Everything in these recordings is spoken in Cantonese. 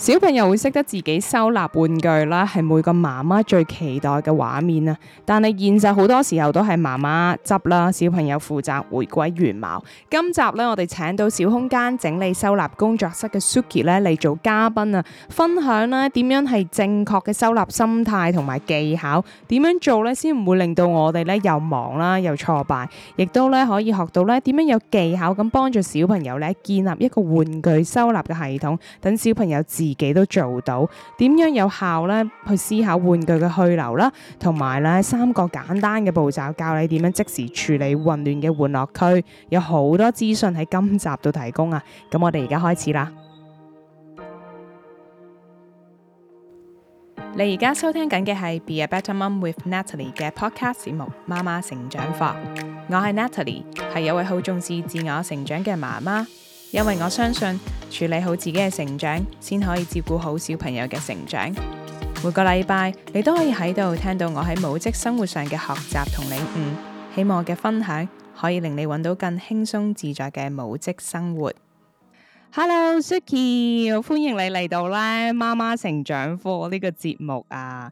小朋友會識得自己收納玩具啦，係每個媽媽最期待嘅畫面啊！但係現實好多時候都係媽媽執啦，小朋友負責回歸原貌。今集呢，我哋請到小空間整理收納工作室嘅 Suki 呢嚟做嘉賓啊，分享呢點樣係正確嘅收納心態同埋技巧，點樣做呢先唔會令到我哋呢又忙啦又挫敗，亦都呢可以學到呢點樣有技巧咁幫助小朋友呢建立一個玩具收納嘅系統，等小朋友自。自己都做到，點樣有效咧？去思考玩具嘅去留啦，同埋咧三個簡單嘅步驟，教你點樣即時處理混亂嘅玩樂區。有好多資訊喺今集度提供啊！咁我哋而家開始啦。你而家收聽緊嘅係《Be a Better Mom with Natalie》嘅 Podcast 節目《媽媽成長課》，我係 Natalie，係一位好重視自我成長嘅媽媽，因為我相信。處理好自己嘅成長，先可以照顧好小朋友嘅成長。每個禮拜你都可以喺度聽到我喺母職生活上嘅學習同領悟，希望我嘅分享可以令你揾到更輕鬆自在嘅母職生活。Hello，Suki，歡迎你嚟到咧媽媽成長課呢個節目啊！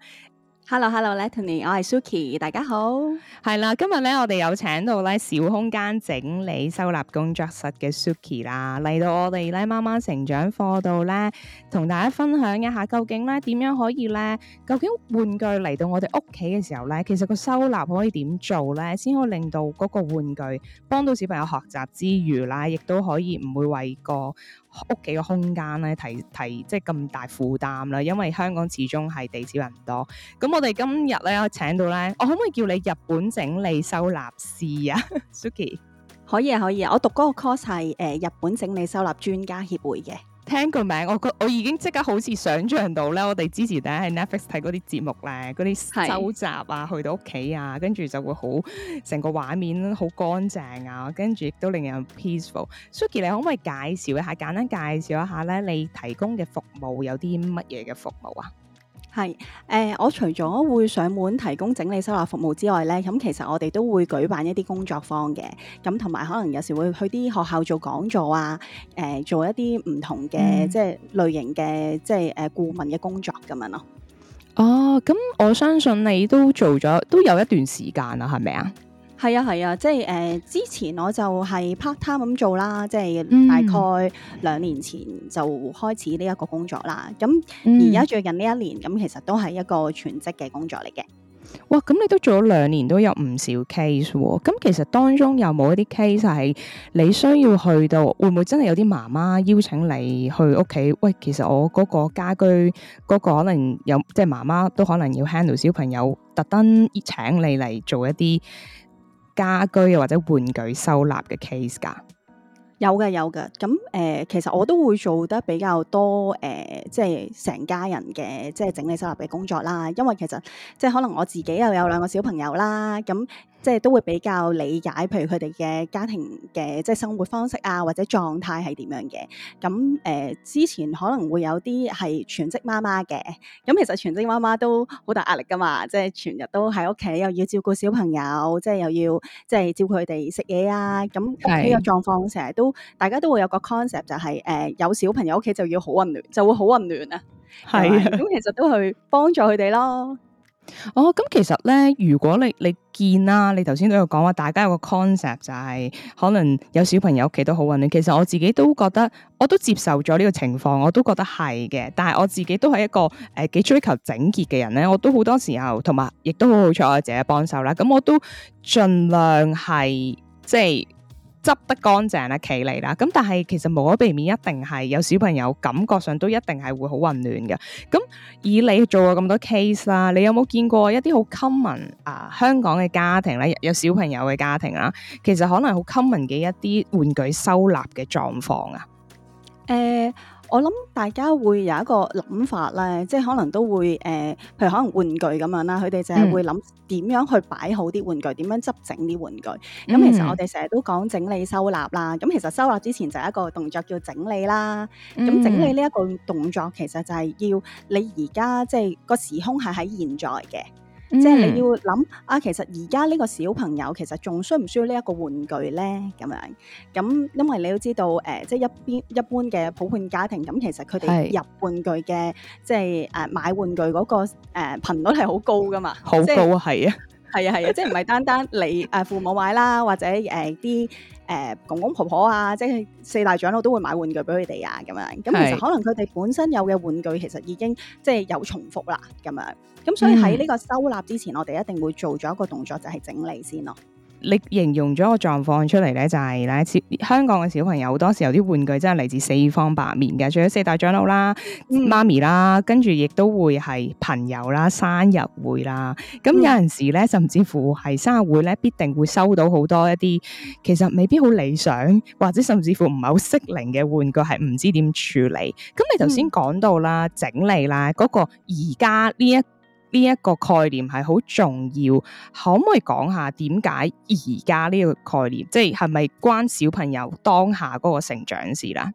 Hello，Hello，Natalie，我係 Suki，大家好。係啦，今日咧我哋有請到咧小空間整理收納工作室嘅 Suki 啦，嚟到我哋咧媽媽成長課度咧，同大家分享一下究竟咧點樣可以咧，究竟玩具嚟到我哋屋企嘅時候咧，其實個收納可以點做咧，先可以令到嗰個玩具幫到小朋友學習之餘啦，亦都可以唔會為個。屋企個空間咧，提提即係咁大負擔啦。因為香港始終係地少人多，咁我哋今日咧，我請到咧，我可唔可以叫你日本整理收納師啊 ？Suki。可以啊，可以啊。我讀嗰個 course 係誒日本整理收納專家協會嘅。聽個名，我覺我已經即刻好似想像到咧，我哋之前咧喺 Netflix 睇嗰啲節目咧，嗰啲收集啊，是去到屋企啊，跟住就會好成個畫面好乾淨啊，跟住亦都令人 peaceful。Suki，你可唔可以介紹一下，簡單介紹一下咧？你提供嘅服務有啲乜嘢嘅服務啊？係誒、呃，我除咗會上門提供整理收納服務之外咧，咁其實我哋都會舉辦一啲工作坊嘅，咁同埋可能有時會去啲學校做講座啊，誒、呃，做一啲唔同嘅，嗯，即係類型嘅即係誒顧問嘅工作咁樣咯。哦，咁我相信你都做咗都有一段時間啦，係咪啊？係啊係啊，即係誒之前我就係 part time 咁做啦，嗯、即係大概兩年前就開始呢一個工作啦。咁而家最近呢一年咁，嗯、其實都係一個全職嘅工作嚟嘅。哇！咁你都做咗兩年，都有唔少 case 喎。咁其實當中有冇一啲 case 係你需要去到？會唔會真係有啲媽媽邀請你去屋企？喂，其實我嗰個家居嗰個可能有，即係媽媽都可能要 handle 小朋友，特登請你嚟做一啲家居啊，或者玩具收納嘅 case 㗎，有嘅有嘅。咁誒、呃，其實我都會做得比較多誒、呃，即係成家人嘅即係整理收納嘅工作啦。因為其實即係可能我自己又有兩個小朋友啦，咁。即係都會比較理解，譬如佢哋嘅家庭嘅即係生活方式啊，或者狀態係點樣嘅。咁、嗯、誒、呃、之前可能會有啲係全職媽媽嘅，咁、嗯、其實全職媽媽都好大壓力噶嘛。即係全日都喺屋企，又要照顧小朋友，即係又要即係照顧佢哋食嘢啊。咁屋企嘅狀況成日都，大家都會有個 concept 就係、是、誒、呃、有小朋友屋企就要好混亂，就會好混亂是啊。係、嗯、咁其實都去幫助佢哋咯。哦，咁、嗯、其實咧，如果你你見啦，你頭先都有講話，大家有個 concept 就係、是、可能有小朋友屋企都好混亂。其實我自己都覺得，我都接受咗呢個情況，我都覺得係嘅。但係我自己都係一個誒幾、呃、追求整潔嘅人咧，我都好多時候同埋，亦都好好彩我自己幫手啦。咁、嗯、我都盡量係即係。執得乾淨啦，企嚟啦，咁但係其實無可避免，一定係有小朋友感覺上都一定係會好混亂嘅。咁、嗯、以你做過咁多 case 啦，你有冇見過一啲好 common 啊、呃、香港嘅家庭咧，有小朋友嘅家庭啦，其實可能好 common 嘅一啲玩具收納嘅狀況啊？誒、呃。我諗大家會有一個諗法咧，即係可能都會誒、呃，譬如可能玩具咁樣啦，佢哋就係會諗點樣去擺好啲玩具，點樣執整啲玩具。咁、嗯、其實我哋成日都講整理收納啦，咁其實收納之前就係一個動作叫整理啦。咁、嗯嗯、整理呢一個動作其實就係要你而家即係個時空係喺現在嘅。嗯、即係你要諗啊，其實而家呢個小朋友其實仲需唔需要呢一個玩具咧？咁樣咁，因為你要知道，誒、呃，即係一邊一般嘅普遍家庭，咁其實佢哋入玩具嘅，是即係誒買玩具嗰、那個誒頻、呃、率係好高噶嘛，好高係啊，係啊係啊， 即係唔係單單你誒父母買啦， 或者誒啲。呃誒、呃、公公婆婆婆啊，即係四大長老都會買玩具俾佢哋啊，咁樣。咁其實是可能佢哋本身有嘅玩具，其實已經即係有重複啦，咁樣。咁所以喺呢個收納之前，嗯、我哋一定會做咗一個動作，就係、是、整理先咯。你形容咗個狀況出嚟咧，就係咧似香港嘅小朋友好多時候有啲玩具真係嚟自四方八面嘅，除咗四大長老啦、嗯、媽咪啦，跟住亦都會係朋友啦、生日會啦，咁有陣時咧，甚至乎係生日會咧，必定會收到好多一啲其實未必好理想，或者甚至乎唔係好適齡嘅玩具，係唔知點處理。咁你頭先講到啦，嗯、整理啦，嗰、嗰個而家呢一。呢一個概念係好重要，可唔可以講下點解而家呢個概念，即係係咪關小朋友當下嗰個成長事啦？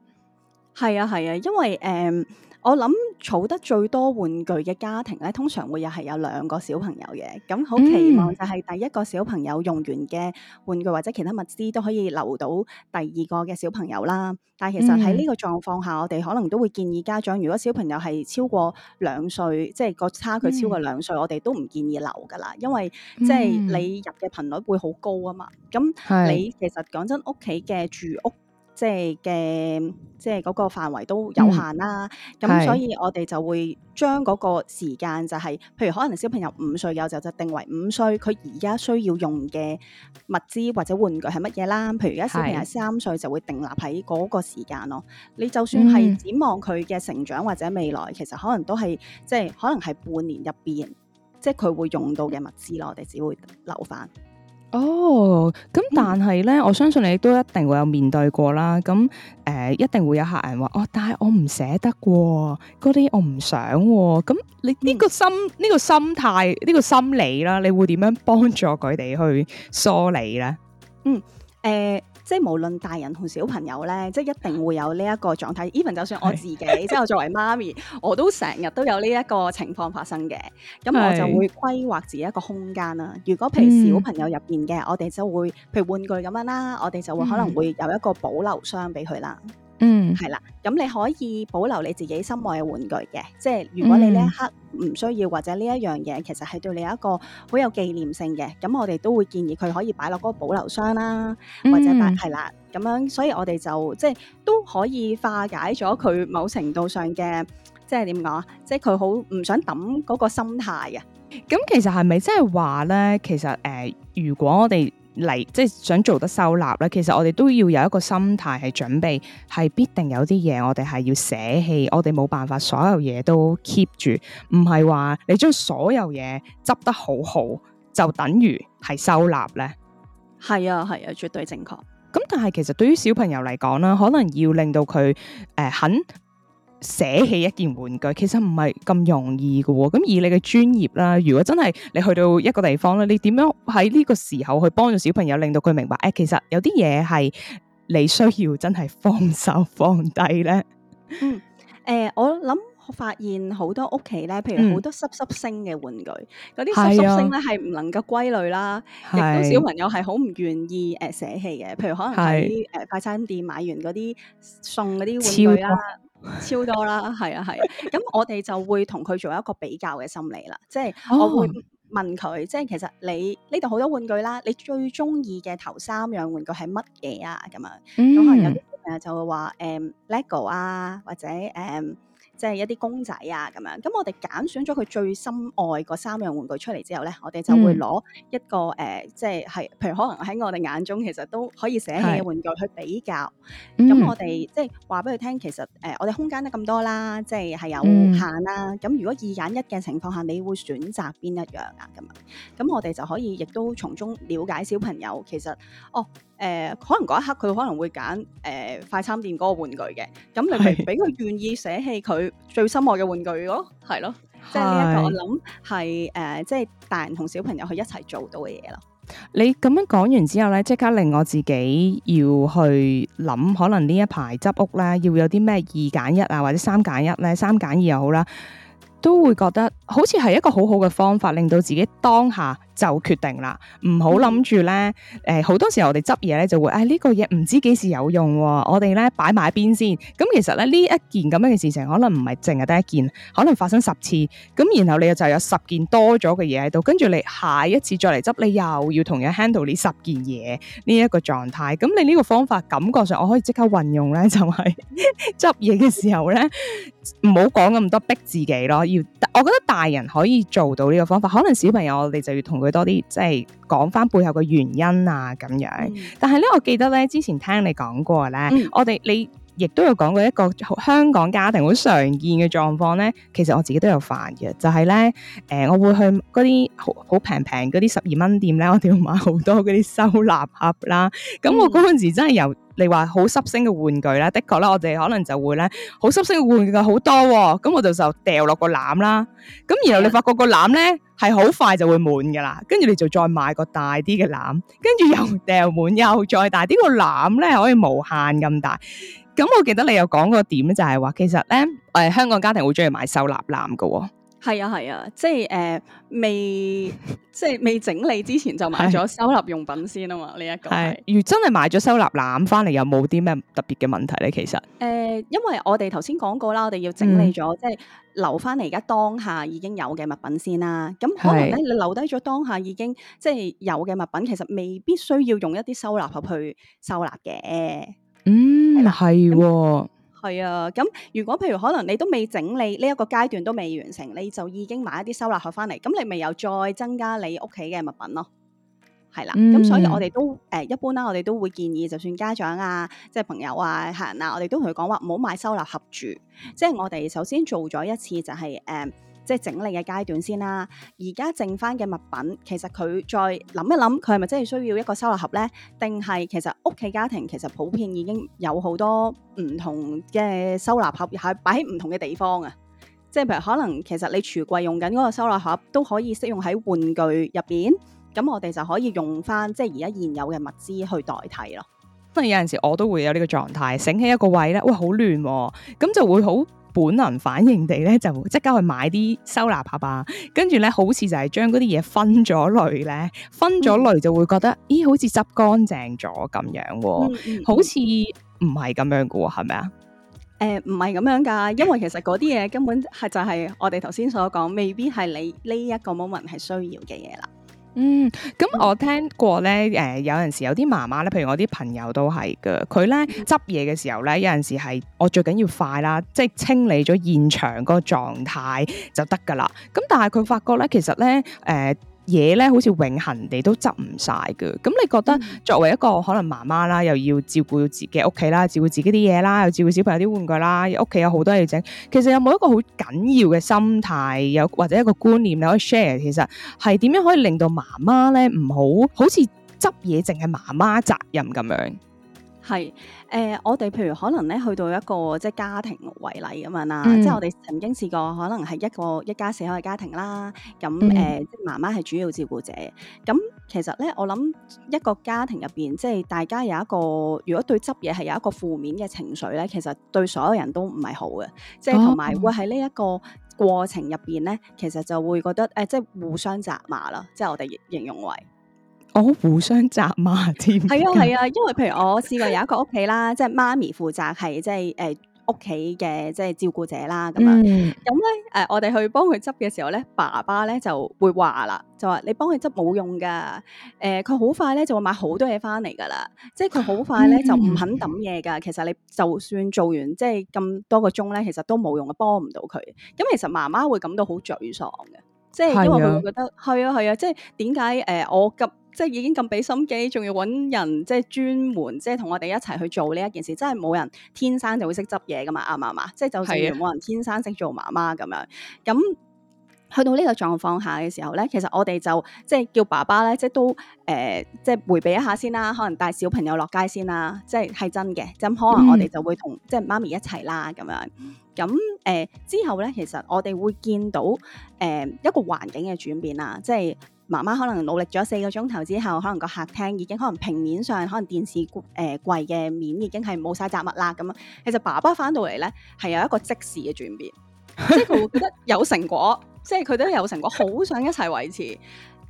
係啊，係啊，因為誒。嗯我諗儲得最多玩具嘅家庭咧，通常會又係有兩個小朋友嘅，咁好期望就係第一個小朋友用完嘅玩具或者其他物資都可以留到第二個嘅小朋友啦。但係其實喺呢個狀況下，嗯、我哋可能都會建議家長，如果小朋友係超過兩歲，即係個差距超過兩歲，嗯、我哋都唔建議留㗎啦，因為即係你入嘅頻率會好高啊嘛。咁你其實講是真，屋企嘅住屋。即係嘅，即係嗰個範圍都有限啦。咁、嗯嗯、所以我哋就會將嗰個時間就係、是，譬如可能小朋友五歲有就就定為五歲。佢而家需要用嘅物資或者玩具係乜嘢啦？譬如而家小朋友三歲就會定立喺嗰個時間咯。是你就算係展望佢嘅成長或者未來，嗯、其實可能都係即係可能係半年入邊，即係佢會用到嘅物資咯，我哋只會留翻。哦，咁、oh, 嗯、但係咧，我相信你都一定會有面對過啦。咁誒、呃，一定會有客人話哦，但係我唔捨得喎，嗰啲我唔想喎。咁你呢個心呢、嗯、個心態呢、呢個心理啦，你會點樣幫助佢哋去梳理咧？嗯。誒、呃，即係無論大人同小朋友咧，即係一定會有呢一個狀態。Even 就算我自己，是 即係我作為媽咪，我都成日都有呢一個情況發生嘅。咁我就會規劃自己一個空間啦。如果譬如小朋友入邊嘅，嗯、我哋就會譬如玩具咁樣啦，我哋就會可能會有一個保留箱俾佢啦。 嗯，係啦，咁你可以保留你自己心愛嘅玩具嘅，即係如果你呢一刻唔需要或者呢一樣嘢，其實係對你一個好有紀念性嘅，咁我哋都會建議佢可以擺落嗰個保留箱啦、啊，或者擺係啦、嗯，咁樣，所 以樂、嗯、 我哋就即係都可以化解咗佢某程度上嘅，即係點講啊，即係佢好唔想抌嗰個心態啊。咁其實係咪即係話咧？其實誒，如果我哋。 嚟即係想做得收納咧，其實我哋都要有一個心態係準備，係必定有啲嘢我哋係要捨棄，我哋冇辦法所有嘢都 keep 住，唔係話你將所有嘢執得好好就等於係收納咧。係啊，係啊，絕對正確。咁但係其實對於小朋友嚟講啦，可能要令到佢誒肯，呃肯捨棄一件玩具其實唔係咁容易㗎喎，咁以你嘅專業啦，如果真係你去到一個地方咧，你點樣喺呢個時候去幫助小朋友，令到佢明白，誒其實有啲嘢係你需要真係放手放低咧。嗯，誒我諗我發現好多屋企咧，譬如好多濕濕聲嘅玩具，嗰啲濕濕聲咧係唔能夠歸類啦，亦都小朋友係好唔願意誒捨棄嘅。譬如可能喺誒快餐店買完嗰啲送嗰啲玩具啦。超多啦，係 啊係，咁、啊啊、我哋就會同佢做一個比較嘅心理啦，即係我會問佢，哦、即係其實你呢度好多玩具啦，你最中意嘅頭三樣玩具係乜嘢啊？咁、嗯嗯、啊，咁啊有啲小朋友就會話誒，LEGO 啊或者誒。嗯即係一啲公仔啊，咁樣咁我哋揀選咗佢最深愛嗰三樣玩具出嚟之後咧，我哋就會攞一個誒、嗯呃，即係係譬如可能喺我哋眼中其實都可以寫起嘅玩具去比較。咁、嗯、我哋即係話俾佢聽，其實誒、呃、我哋空間得咁多啦，即係係有限啦、啊。咁、嗯、如果二揀一嘅情況下，你會選擇邊一樣啊？咁啊，咁我哋就可以亦都從中了解小朋友其實哦。誒、呃，可能嗰一刻佢可能會揀誒、呃、快餐店嗰個玩具嘅，咁你係俾佢願意捨棄佢最心愛嘅玩具咯，係咯， 即係呢一個我諗係誒，即、呃、係、就是、大人同小朋友去一齊做到嘅嘢啦。你咁樣講完之後咧，即刻令我自己要去諗，可能呢一排執屋咧，要有啲咩二揀一啊，或者三揀一咧，三揀二又好啦，都會覺得好似係一個好好嘅方法，令到自己當下。就決定啦，唔好諗住呢。誒、呃，好多時候我哋執嘢呢，就會，誒、哎、呢、呢個嘢唔知幾時有用喎。我哋呢，擺埋一邊先。咁其實咧，呢一件咁樣嘅事情，可能唔係淨係得一件，可能發生十次。咁然後你就有十件多咗嘅嘢喺度，跟住你下一次再嚟執，你又要同樣 handle 呢十件嘢呢一個狀態。咁你呢個方法感覺上我可以即刻運用呢，就係執嘢嘅時候呢，唔好講咁多逼自己咯。要，我覺得大人可以做到呢個方法，可能小朋友我哋就要同。會多啲，即係講翻背後嘅原因啊，咁樣。嗯、但係咧，我記得咧，之前聽你講過咧，嗯、我哋你亦都有講過一個香港家庭好常見嘅狀況咧。其實我自己都有犯嘅，就係、是、咧，誒、呃，我會去嗰啲好好平平嗰啲十二蚊店咧，我哋要買好多嗰啲收納盒啦。咁我嗰陣時真係由。嗯你話好濕星嘅玩具咧，的確啦，我哋可能就會咧好濕星嘅玩具好多，咁我就就掉落個籃啦。咁然後你發覺個籃咧係好快就會滿噶啦，跟住你就再買個大啲嘅籃，跟住又掉滿，又再大啲個籃咧可以無限咁大。咁我記得你有講個點就係話，其實咧誒香港家庭會中意買收納籃噶。係啊，係啊，即係誒、呃、未即係未整理之前就買咗收納用品先 啊嘛，呢一個係。如真係買咗收納籃翻嚟，有冇啲咩特別嘅問題咧？其實誒、呃，因為我哋頭先講過啦，我哋要整理咗，嗯、即係留翻嚟而家當下已經有嘅物品先啦。咁可能咧，是 你留低咗當下已經即係有嘅物品，其實未必需要用一啲收納盒去收納嘅。嗯，係。係啊，咁如果譬如可能你都未整理呢一、這個階段都未完成，你就已經買一啲收納盒翻嚟，咁你咪又再增加你屋企嘅物品咯。係啦，咁、嗯、所以我哋都誒、呃、一般啦，我哋都會建議，就算家長啊、即、就、係、是、朋友啊、客人啊，我哋都同佢講話唔好買收納盒住。即、就、係、是、我哋首先做咗一次就係、是、誒、呃即係整理嘅階段先啦，而家剩翻嘅物品，其實佢再諗一諗，佢係咪真係需要一個收納盒呢？定係其實屋企家庭其實普遍已經有好多唔同嘅收納盒，係擺喺唔同嘅地方啊。即係譬如可能其實你廚櫃用緊嗰個收納盒都可以適用喺玩具入邊，咁我哋就可以用翻即係而家現有嘅物資去代替咯。不過有陣時我都會有呢個狀態，醒起一個位咧，喂，好亂啊，咁就會好本能反應地咧，就即刻去買啲收納盒啊。跟住咧，好似就係將嗰啲嘢分咗類咧，分咗類就會覺得，咦、嗯哎，好似執乾淨咗咁樣喎、哦，嗯嗯、好似唔係咁樣嘅喎、哦，係咪啊？誒、呃，唔係咁樣噶，因為其實嗰啲嘢根本係就係我哋頭先所講，未必係你呢一個 moment 係需要嘅嘢啦。嗯，咁我聽過咧，誒、呃，有陣時有啲媽媽咧，譬如我啲朋友都係嘅。佢咧執嘢嘅時候咧，有陣時係我最緊要快啦，即係清理咗現場嗰個狀態就得噶啦。咁但係佢發覺咧，其實咧，誒、呃。嘢咧好似永恒地都執唔晒嘅，咁你覺得作為一個可能媽媽啦，又要照顧自己屋企啦，照顧自己啲嘢啦，又照顧小朋友啲玩具啦，屋企有好多嘢整，其實有冇一個好緊要嘅心態，又或者一個觀念你可以 share，其實係點樣可以令到媽媽咧唔好好似執嘢淨係媽媽責任咁樣？係，誒、呃，我哋譬如可能咧，去到一個即係家庭為例咁樣啦，嗯、即係我哋曾經試過，可能係一個一家四口嘅家庭啦。咁誒，媽媽係主要照顧者。咁其實咧，我諗一個家庭入邊，即係大家有一個，如果對執嘢係有一個負面嘅情緒咧，其實對所有人都唔係好嘅。哦、即係同埋會喺呢一個過程入邊咧，其實就會覺得誒、呃，即係互相責罵啦。即係我哋形容為。我好互相責罵添。係啊係啊， 因為譬如我試過有一個屋企啦， 即係媽咪負責係即係誒屋企嘅即係照顧者啦咁啊。咁咧誒，我哋去幫佢執嘅時候咧，爸爸咧就會話啦，就話你幫佢執冇用噶。誒、呃，佢好快咧就會買好多嘢翻嚟噶啦。即係佢好快咧就唔肯抌嘢噶。嗯、其實你就算做完即係咁多個鐘咧，其實都冇用嘅，幫唔到佢。咁其實媽媽會感到好沮喪嘅。即係因為佢覺得係是啊係啊，啊，即係點解誒我咁即係已經咁俾心機，仲要揾人即係專門即係同我哋一齊去做呢一件事，真係冇人天生就會識執嘢㗎嘛啱唔啱嘛，即係就算冇是、啊、人天生識做媽媽咁樣咁。去到呢個狀況下嘅時候咧，其實我哋就即係叫爸爸咧，即係都誒、呃，即係回避一下先啦，可能帶小朋友落街先啦，即係係真嘅，咁可能我哋就會同、嗯、即係媽咪一齊啦，咁樣。咁誒、呃、之後咧，其實我哋會見到誒、呃、一個環境嘅轉變啦，即係媽媽可能努力咗四個鐘頭之後，可能個客廳已經可能平面上可能電視誒櫃嘅面已經係冇晒雜物啦，咁樣，其實爸爸翻到嚟咧係有一個即時嘅轉變，即係佢會覺得有成果。 即係佢都有成果，好想一齊維持。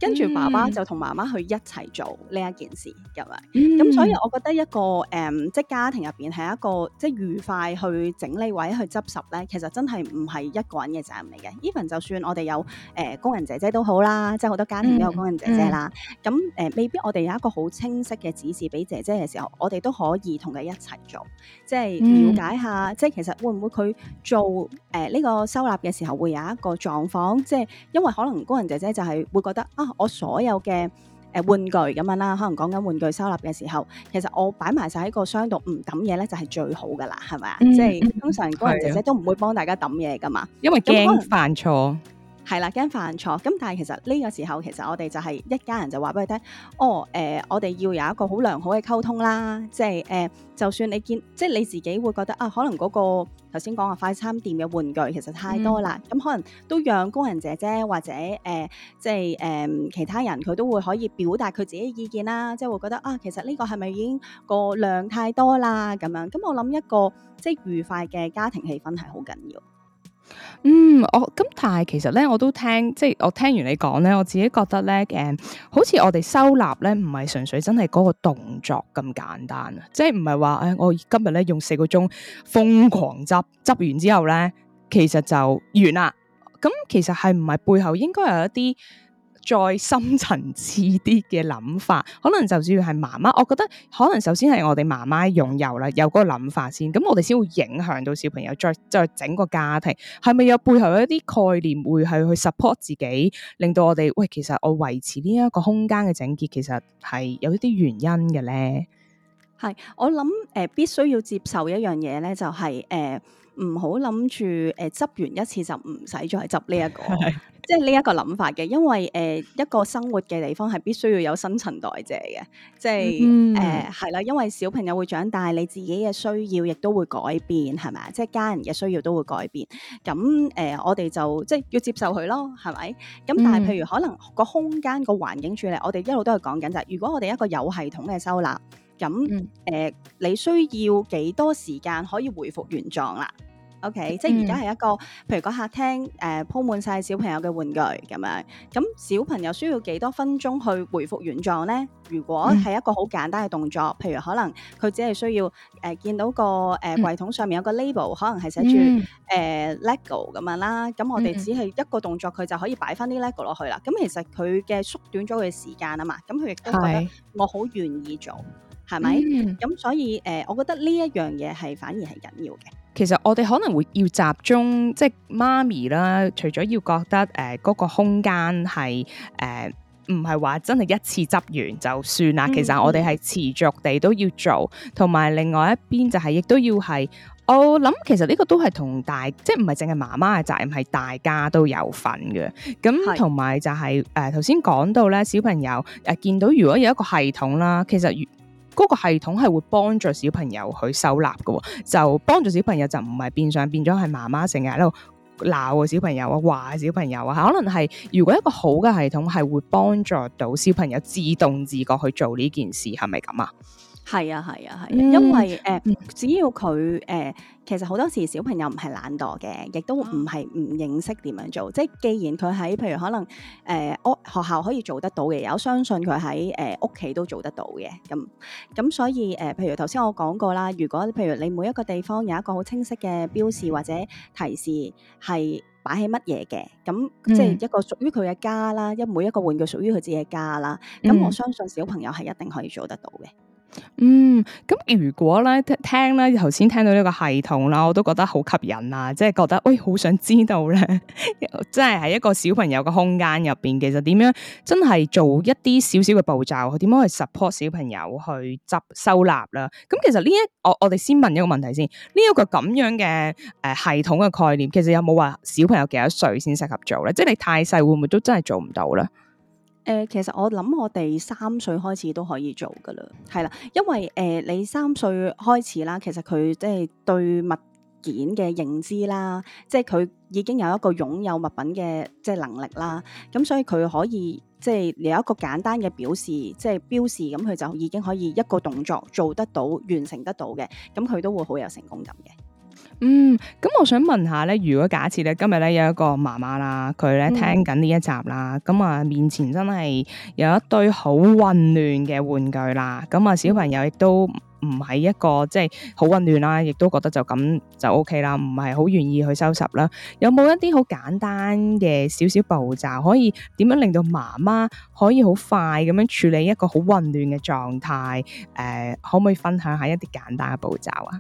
跟住爸爸就同媽媽去一齊做呢一件事入嚟，咁所以我覺得一個誒即係家庭入邊係一個即係、就是、愉快去整理或者去執拾咧，其實真係唔係一個人嘅責任嚟嘅。Even 就算我哋有誒、呃、工人姐姐都好啦，即係好多家庭都有工人姐姐啦。咁誒、嗯嗯呃、未必我哋有一個好清晰嘅指示俾姐姐嘅時候，我哋都可以同佢一齊做，即係了解下，嗯、即係其實會唔會佢做誒呢、呃這個收納嘅時候會有一個狀況，即係因為可能工人姐姐就係會覺得啊～啊啊我所有嘅誒、呃、玩具咁樣啦，可能講緊玩具收納嘅時候，其實我擺埋晒喺個箱度唔抌嘢咧，就係最好噶啦，係咪啊？嗯、即係通常工人姐姐都唔會幫大家抌嘢噶嘛，因為驚犯錯、嗯。係啦，驚犯錯咁，但係其實呢個時候，其實我哋就係一家人就話俾佢聽，哦，誒、呃，我哋要有一個好良好嘅溝通啦，即係誒，就算你見，即係你自己會覺得啊，可能嗰個頭先講話快餐店嘅玩具其實太多啦，咁、嗯嗯、可能都讓工人姐姐或者誒，即係誒其他人佢都會可以表達佢自己嘅意見啦，即係會覺得啊，其實呢個係咪已經個量太多啦咁樣？咁我諗一個即係愉快嘅家庭氣氛係好緊要。嗯，我咁但係其實咧，我都聽即係我聽完你講咧，我自己覺得咧，誒，好似我哋收納咧，唔係純粹真係嗰個動作咁簡單啊，即係唔係話誒，我今日咧用四個鐘瘋狂執執完之後咧，其實就完啦。咁其實係唔係背後應該有一啲再深層次啲嘅諗法，可能就主要係媽媽。我覺得可能首先係我哋媽媽擁有啦，有嗰個諗法先，咁我哋先會影響到小朋友。再再整個家庭，係咪有背後有一啲概念會係去 support 自己，令到我哋喂，其實我維持呢一個空間嘅整潔，其實係有一啲原因嘅咧。係，我諗誒、呃、必須要接受一樣嘢咧，就係誒。唔好諗住誒執完一次就唔使再執呢、這、一個， 即係呢一個諗法嘅。因為誒、呃、一個生活嘅地方係必須要有新陳代謝嘅，即係誒係啦，因為小朋友會長大，你自己嘅需要亦都會改變，係咪？即係家人嘅需要都會改變。咁誒、呃，我哋就即係要接受佢咯，係咪？咁但係譬如、嗯、可能個空間、那個環境處理，我哋一路都係講緊就係，如果我哋一個有系統嘅收納。咁誒，你需要幾多時間可以回復原狀啦？OK，即係而家係一個，譬如個客廳誒鋪滿晒小朋友嘅玩具咁樣。咁小朋友需要幾多分鐘去回復原狀咧？如果係一個好簡單嘅動作，譬如可能佢只係需要誒見到個誒櫃桶上面有個 label，可能係寫住誒 LEGO 咁樣啦。咁我哋只係一個動作，佢就可以擺翻啲 LEGO 落去啦。咁其實佢嘅縮短咗佢時間啊嘛。咁佢亦都覺得我好願意做。係咪咁？所以，誒、呃，我覺得呢一樣嘢係反而係緊要嘅。其實我哋可能會要集中，即係媽咪啦。除咗要覺得誒嗰、呃那個空間係誒，唔係話真係一次執完就算啦。其實我哋係持續地都要做，同埋另外一邊就係、是、亦都要係。我諗其實呢個都係同大即係唔係淨係媽媽嘅責任，係大家都有份嘅。咁同埋就係誒頭先講到咧，小朋友誒、啊、見到如果有一個系統啦，其實嗰個系統係會幫助小朋友去收納嘅，哦，就幫助小朋友就唔係變相變咗係媽媽成日喺度鬧個小朋友啊，話小朋友啊，可能係如果一個好嘅系統係會幫助到小朋友自動自覺去做呢件事，係咪咁啊？係啊，係啊，係、啊，因為誒、呃，只要佢誒、呃，其實好多時小朋友唔係懶惰嘅，亦都唔係唔認識點樣做。即係既然佢喺，譬如可能誒屋，呃、學校可以做得到嘅，我相信佢喺誒屋企都做得到嘅。咁咁所以誒、呃，譬如頭先我講過啦，如果譬如你每一個地方有一個好清晰嘅標示或者提示係擺喺乜嘢嘅，咁即係一個屬於佢嘅家啦，一每一個玩具屬於佢自己嘅家啦。咁我相信小朋友係一定可以做得到嘅。嗯，咁如果咧聽咧頭先聽到呢個系統啦，我都覺得好吸引啊，即係覺得，喂、哎，好想知道咧，即係喺一個小朋友嘅空間入邊，其實點樣真係做一啲少少嘅步驟，點樣去 support 小朋友去執收納啦？咁其實呢一，我我哋先問一個問題先，呢、這、一個咁樣嘅誒系統嘅概念，其實有冇話小朋友幾多歲先適合做咧？即係你太細會唔會都真係做唔到咧？誒、呃，其實我諗我哋三歲開始都可以做噶啦，係啦，因為誒、呃、你三歲開始啦，其實佢即係對物件嘅認知啦，即係佢已經有一個擁有物品嘅即係能力啦，咁所以佢可以即係、即係、有一個簡單嘅表示，即係標示，咁佢就已經可以一個動作做得到完成得到嘅，咁佢都會好有成功感嘅。嗯，咁我想問下咧，如果假設咧今日咧有一個媽媽啦，佢咧聽緊呢一集啦，咁啊、嗯嗯、面前真係有一堆好混亂嘅玩具啦，咁、嗯、啊小朋友亦都唔係一個即係好混亂啦，亦都覺得就咁就 OK 啦，唔係好願意去收拾啦，有冇一啲好簡單嘅少少步驟可以點樣令到媽媽可以好快咁樣處理一個好混亂嘅狀態？誒、呃，可唔可以分享下一啲簡單嘅步驟啊？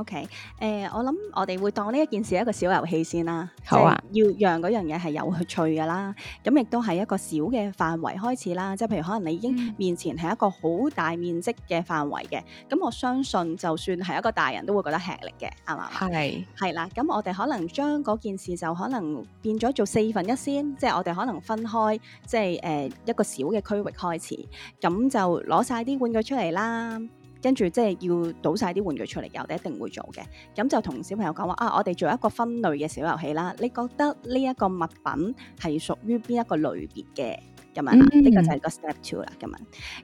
OK，誒、呃，我諗我哋會當呢一件事係一個小遊戲先啦，啊、即係要讓嗰樣嘢係有趣㗎啦。咁亦都係一個小嘅範圍開始啦。即係譬如可能你已經面前係一個好大面積嘅範圍嘅，咁我相信就算係一個大人都會覺得吃力嘅，啱唔啱啊？係係是啦，咁我哋可能將嗰件事就可能變咗做四分一先，即係我哋可能分開，即係誒、呃、一個小嘅區域開始，咁就攞晒啲玩具出嚟啦。跟住即係要倒晒啲玩具出嚟，我哋一定會做嘅。咁就同小朋友講話啊，我哋做一個分類嘅小遊戲啦。你覺得呢一個物品係屬於邊一個類別嘅？咁啊、嗯嗯，呢、呢個就係個 step two 啦。咁啊，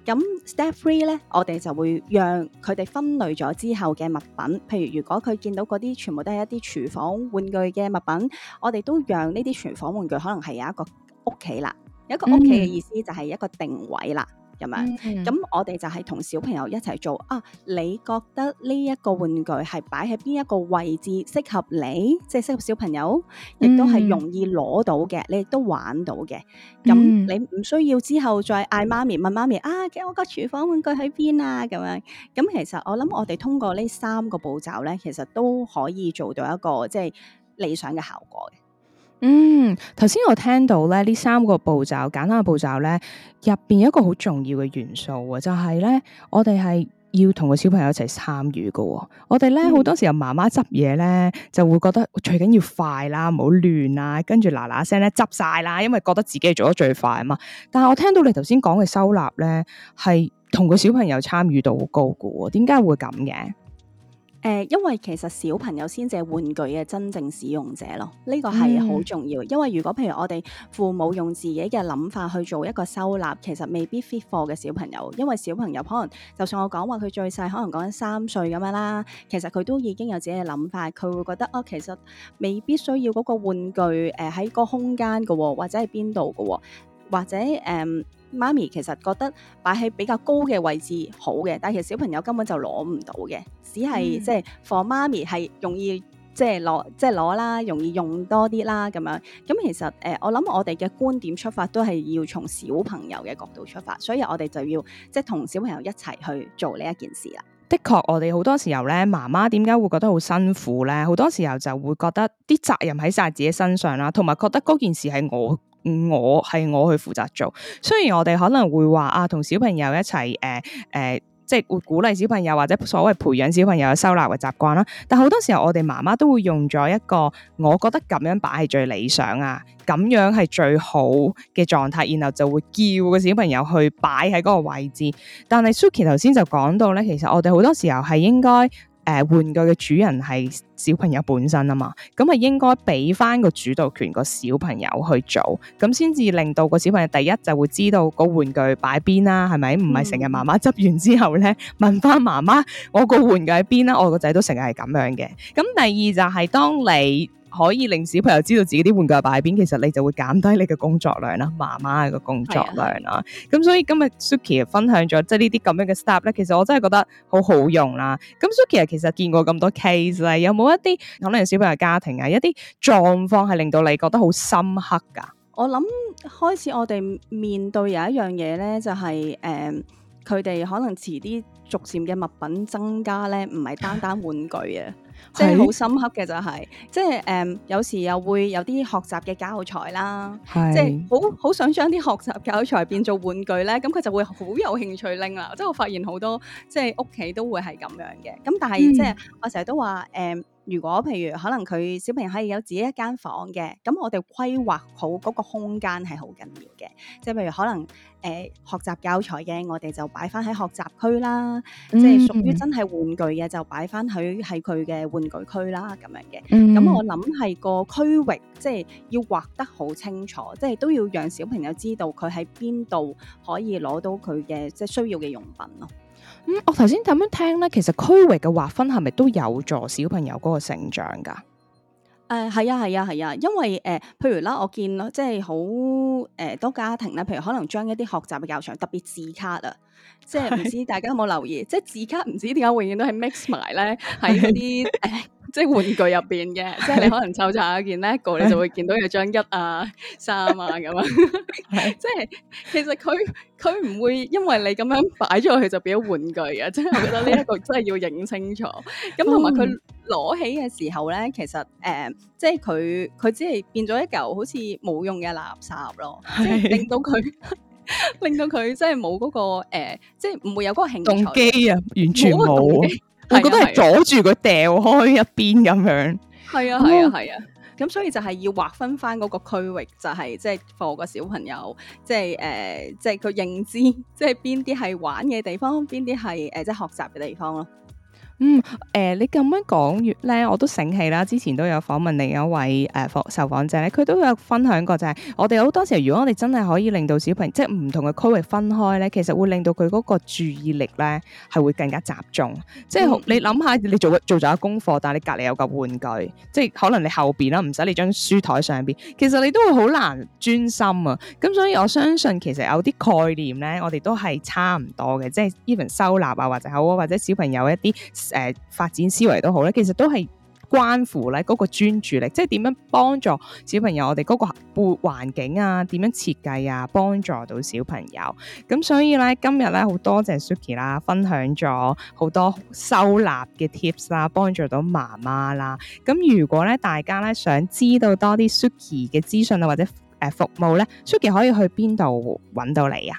咁 step three 咧，我哋就會讓佢哋分類咗之後嘅物品。譬如如果佢見到嗰啲全部都係一啲廚房玩具嘅物品，我哋都讓呢啲廚房玩具可能係有一個屋企啦，有一個屋企嘅意思就係一個定位啦。嗯嗯咁樣，咁、mm hmm. 我哋就係同小朋友一齊做啊！你覺得呢一個玩具係擺喺邊一個位置適合你，即、就、係、是、適合小朋友，亦都係容易攞到嘅，你亦都玩到嘅。咁你唔需要之後再嗌媽咪，問媽咪啊，我個廚房玩具喺邊啊？咁樣，咁其實我諗我哋通過呢三個步驟咧，其實都可以做到一個即係、就是、理想嘅效果嘅。嗯，頭先我聽到咧，呢三個步驟，簡單嘅步驟咧，入邊有一個好重要嘅元素啊，就係咧，我哋係要同個小朋友一齊參與嘅。我哋咧好多時候媽媽執嘢咧，就會覺得最緊要快啦，唔好亂啦，跟住嗱嗱聲咧執晒啦，因為覺得自己做咗最快啊嘛。但係我聽到你頭先講嘅收納咧，係同個小朋友參與度好高嘅啊，點解會咁嘅？誒，因為其實小朋友先至係玩具嘅真正使用者咯，呢個係好重要。因為如果譬如我哋父母用自己嘅諗法去做一個收納，其實未必 fit 貨嘅小朋友，因為小朋友可能就算我講話佢最細，可能講緊三歲咁樣啦，其實佢都已經有自己嘅諗法，佢會覺得哦，其實未必需要嗰個玩具誒喺、呃、個空間噶、哦，或者係邊度噶。或者誒、嗯，媽咪其實覺得擺喺比較高嘅位置好嘅，但係其實小朋友根本就攞唔到嘅，只係、嗯、即係 for 媽咪係容易即係攞即係攞啦，容易用多啲啦咁樣。咁、嗯、其實誒、呃，我諗我哋嘅觀點出發都係要從小朋友嘅角度出發，所以我哋就要即係同小朋友一齊去做呢一件事啦。的確，我哋好多時候咧，媽媽點解會覺得好辛苦咧？好多時候就會覺得啲責任喺晒自己身上啦，同埋覺得嗰件事係我。我係我去負責做，雖然我哋可能會話啊，同小朋友一齊誒誒，即係會鼓勵小朋友或者所謂培養小朋友嘅收納嘅習慣啦。但好多時候我哋媽媽都會用咗一個，我覺得咁樣擺係最理想啊，咁樣係最好嘅狀態，然後就會叫個小朋友去擺喺嗰個位置。但係 Suki 頭先就講到咧，其實我哋好多時候係應該。誒玩具嘅主人係小朋友本身啊嘛，咁係應該俾翻個主導權個小朋友去做，咁先至令到個小朋友第一就會知道個玩具擺邊啦，係咪？唔係成日媽媽執完之後咧，問翻媽媽，我個玩具喺邊啦？我個仔都成日係咁樣嘅。咁第二就係、是、當你。可以令小朋友知道自己啲玩具擺喺邊，其實你就會減低你嘅工作量啦，媽媽嘅工作量啦。咁、啊、所以今日 Suki 分享咗即係呢啲咁樣嘅 step 咧，其實我真係覺得好好用啦。咁 Suki 其實見過咁多 case，有冇一啲可能小朋友家庭啊，一啲狀況係令到你覺得好深刻噶？我諗開始我哋面對有一樣嘢咧，就係誒佢哋可能遲啲逐漸嘅物品增加咧，唔係單單玩具啊。 是即係好深刻嘅就係、是，即係誒、嗯、有時又會有啲學習嘅教材啦，是即係好好想將啲學習教材變做玩具咧，咁佢就會好有興趣拎啦。即係我發現好多即係屋企都會係咁樣嘅，咁但係即係、嗯、我成日都話誒。嗯如果譬如可能佢小朋友可以有自己一間房嘅，咁我哋規劃好嗰個空間係好緊要嘅。即係譬如可能誒、呃，學習教材嘅，我哋就擺翻喺學習區啦。即係屬於真係玩具嘅，就擺翻去喺佢嘅玩具區啦，咁樣嘅。咁、嗯嗯、我諗係個區域，即、就、係、是、要畫得好清楚，即、就、係、是、都要讓小朋友知道佢喺邊度可以攞到佢嘅即係需要嘅用品咯。.嗯，我頭先咁樣聽咧，其實區域嘅劃分係咪都有助小朋友嗰個成長噶？誒、呃，係啊，係啊，係啊，因為誒、呃，譬如啦，我見即係好誒，多家庭咧，譬如可能將一啲學習嘅教材，特別字卡啊。即係唔知大家有冇留意，即係字卡唔知點解永遠都係 mix 埋咧，喺嗰啲即係玩具入邊嘅，即係你可能抽查一件 lego，你就會見到有張一啊三啊咁啊。即係其實佢佢唔會因為你咁樣擺咗佢就變咗玩具啊！即係我覺得呢一個真係要認清楚。咁同埋佢攞起嘅時候咧，其實誒，即係佢佢只係變咗一嚿好似冇用嘅垃圾咯，即係令到佢。 令到佢即係冇嗰個誒、呃，即係唔會有嗰個興趣動機啊，完全冇，我覺得係阻住佢掉開一邊咁、啊啊、樣。係啊，係啊，係麼啊，咁、啊、所以就係要劃分翻嗰個區域，就係、是、即係課個小朋友，即係誒、呃，即係佢認知，即係邊啲係玩嘅地方，邊啲係誒即係學習嘅地方咯。嗯，誒、呃，你咁樣講完咧，我都醒起啦。之前都有訪問另一位誒、呃、受訪者咧，佢都有分享過、就是，就係我哋好多時候，如果我哋真係可以令到小朋友，即係唔同嘅區域分開咧，其實會令到佢嗰個注意力咧係會更加集中。即係你諗下，你，下你做，做個做咗功課，但係你隔離有個玩具，即係可能你後邊啦，唔使你張書枱上邊，其實你都會好難專心啊。咁所以我相信其實有啲概念咧，我哋都係差唔多嘅，即係 even 收納啊，或者好啊，或者小朋友一啲。誒、呃，發展思維都好咧，其實都係關乎咧嗰個專注力，即係點樣幫助小朋友。我哋嗰個背環境啊，點樣設計啊，幫助到小朋友。咁所以咧，今日咧好多謝 Suki 啦，分享咗好多收納嘅 tips 啦，幫助到媽媽啦。咁如果咧大家咧想知道多啲 Suki 嘅資訊啊，或者誒、呃、服務咧，Suki 可以去邊度搵到你啊？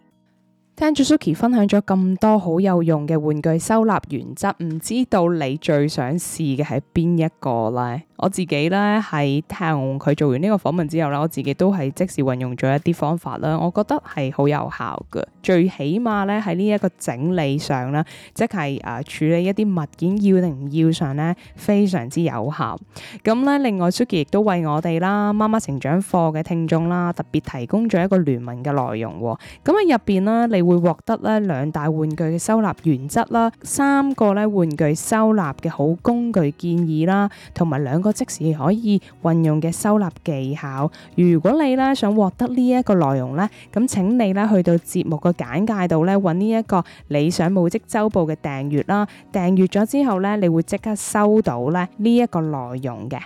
跟住 Suki 分享咗咁多好有用嘅玩具收納原則，唔知道你最想試嘅係邊一個呢？我自己咧係聽佢做完呢個訪問之後咧，我自己都係即時運用咗一啲方法啦。我覺得係好有效嘅。最起碼咧喺呢一個整理上啦，即係誒、呃、處理一啲物件要定唔要上咧，非常之有效。咁咧，另外 Suki 亦都為我哋啦媽媽成長課嘅聽眾啦，特別提供咗一個聯盟嘅內容、哦。咁喺入邊咧，你會獲得咧兩大玩具嘅收納原則啦，三個咧玩具收納嘅好工具建議啦，同埋兩個即時可以運用嘅收納技巧。如果你咧想獲得呢一個內容咧，咁請你咧去到節目嘅簡介度咧搵呢一個理想母職周報嘅訂閱啦，訂閱咗之後咧，你會即刻收到咧呢一個內容嘅。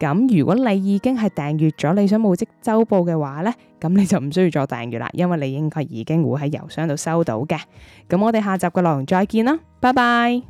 咁如果你已經係訂閱咗你想母職週報嘅話呢，咁你就唔需要再訂閱啦，因為你應該已經會喺郵箱度收到嘅。咁我哋下集嘅內容再見啦，拜拜。